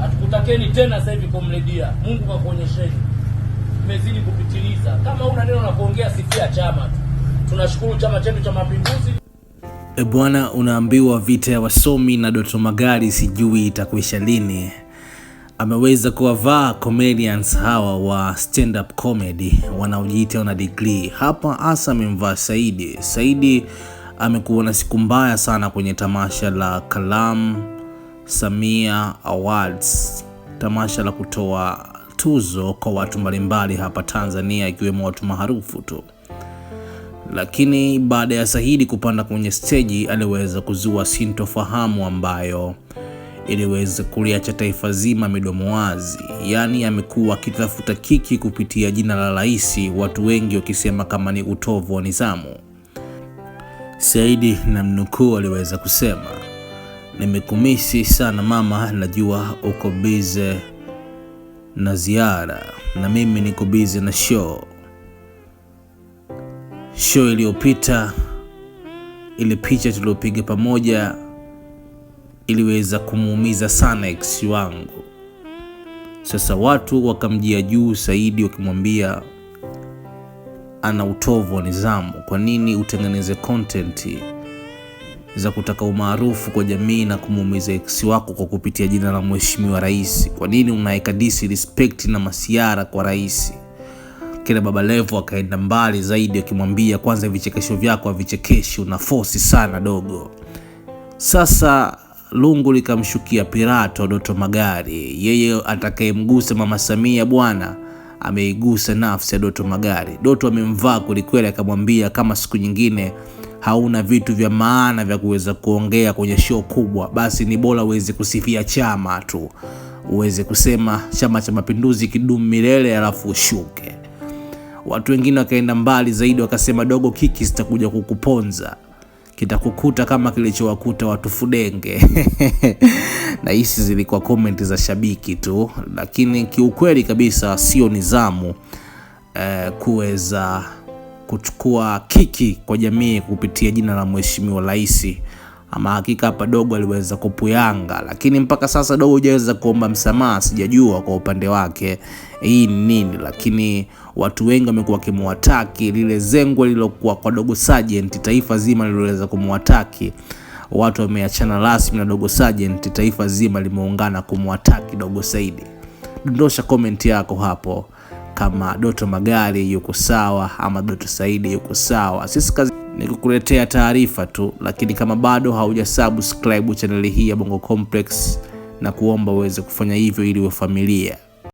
Hatukutakeni tena sasa hivi kumrudia Mungu, kakuonyesheni mmezidi kupitiliza. Kama una neno la kuongea, sifia chama tu. Tunashukuru chama chetu cha Mapinduzi. E bwana, unaambiwa vita ya wasomi na Doto Magari sijui itakwisha lini. Ameweza kuwavaa comedians hawa wa stand up comedy wanaojiita wana degree. Hapa hasa amemvaa Saidi. Saidi amekuwa na siku mbaya sana kwenye tamasha la Kalamu Samia Awards, tamasha la kutoa tuzo kwa watu mbalimbali hapa Tanzania, ikiwemo watu maarufu tu. Lakini baada ya Saidi kupanda kwenye steji, aliweza kuzua sintofahamu ambayo iliweza kuliacha taifa zima midomo wazi. Yaani amekuwa akitafuta kiki kupitia jina la rais, watu wengi wakisema kama ni utovu wa nidhamu. Saidi na mnukuu aliweza kusema Nimekumisi sana mama, najua uko bize na ziara na mimi niko bize na show. Show iliyopita ile picha tuliyopiga pamoja iliweza kumuumiza sana ex wangu. Sasa watu wakamjia juu zaidi, wakimwambia ana utovu wa nidhamu, kwa nini utengeneze content za kutaka umaarufu kwa jamii na kumuumiza ex wako kwa kupitia jina la mheshimiwa rais? Kwa nini unaweka disrespect na masiara kwa rais? kila Baba Levo akaenda mbali zaidi akimwambia, kwanza vichekesho vyako havichekeshi, una force sana dogo. Sasa lungu likamshukia Pirato Doto Magari, yeye atakayemgusa mama Samia bwana ameigusa nafsi ya Doto Magari. Doto amemvaa kwelikweli, akamwambia kama siku nyingine hauna vitu vya maana vya kuweza kuongea kwenye show kubwa, basi ni bora uweze kusifia chama tu, uweze kusema Chama cha Mapinduzi kidumu milele, alafu ushuke. Watu wengine wakaenda mbali zaidi, wakasema dogo, kiki zitakuja kukuponza kitakukuta kama kilichowakuta watu Fudenge na hisi zilikuwa komenti za shabiki tu, lakini kiukweli kabisa sio nizamu eh, kuweza kuchukua kiki kwa jamii kupitia jina la mheshimiwa rais. Ama hakika hapa dogo aliweza kupuyanga, lakini mpaka sasa dogo hujaweza kuomba msamaha. Sijajua kwa upande wake hii ni nini, lakini watu wengi wamekuwa wakimwataki lile zengwe lilokuwa kwa dogo Sergeant, taifa zima liliweza kumwataki watu wameachana rasmi na dogo Sergeant, taifa zima limeungana kumwataki dogo Saidi. Dondosha komenti yako hapo kama Doto Magari yuko sawa ama Doto Saidi yuko sawa. Sisi kazi ni kukuletea taarifa tu, lakini kama bado hauja subscribe chaneli hii ya Bongo Complex na kuomba uweze kufanya hivyo ili uwe familia